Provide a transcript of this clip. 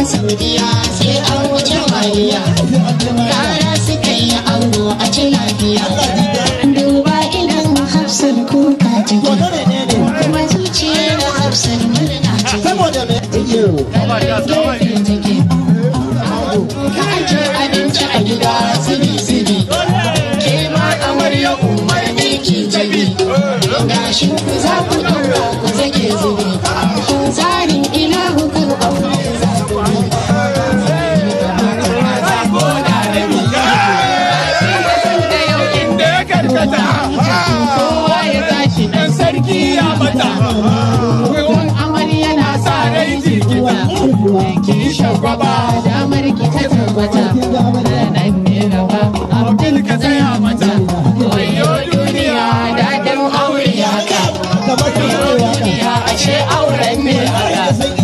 i sauriya sai an wuce wariya gara suka yi ango a ci lafiya duba idan hafsar kuka take kuma zuciyar hafsar murna take ka aje abinci a gida sidi sidi ke ma amarya umarni ki jabi gashi ku za ku ɗaura ku zaki kowa ya tashi dan sarki ya mata. kowan amari yana sa rai jirgita ki shagwaba damar ki ta tabbata nan ne gaba abdul ka tsaya mata wayo duniya dadin aure ya ka duniya ashe auren ne a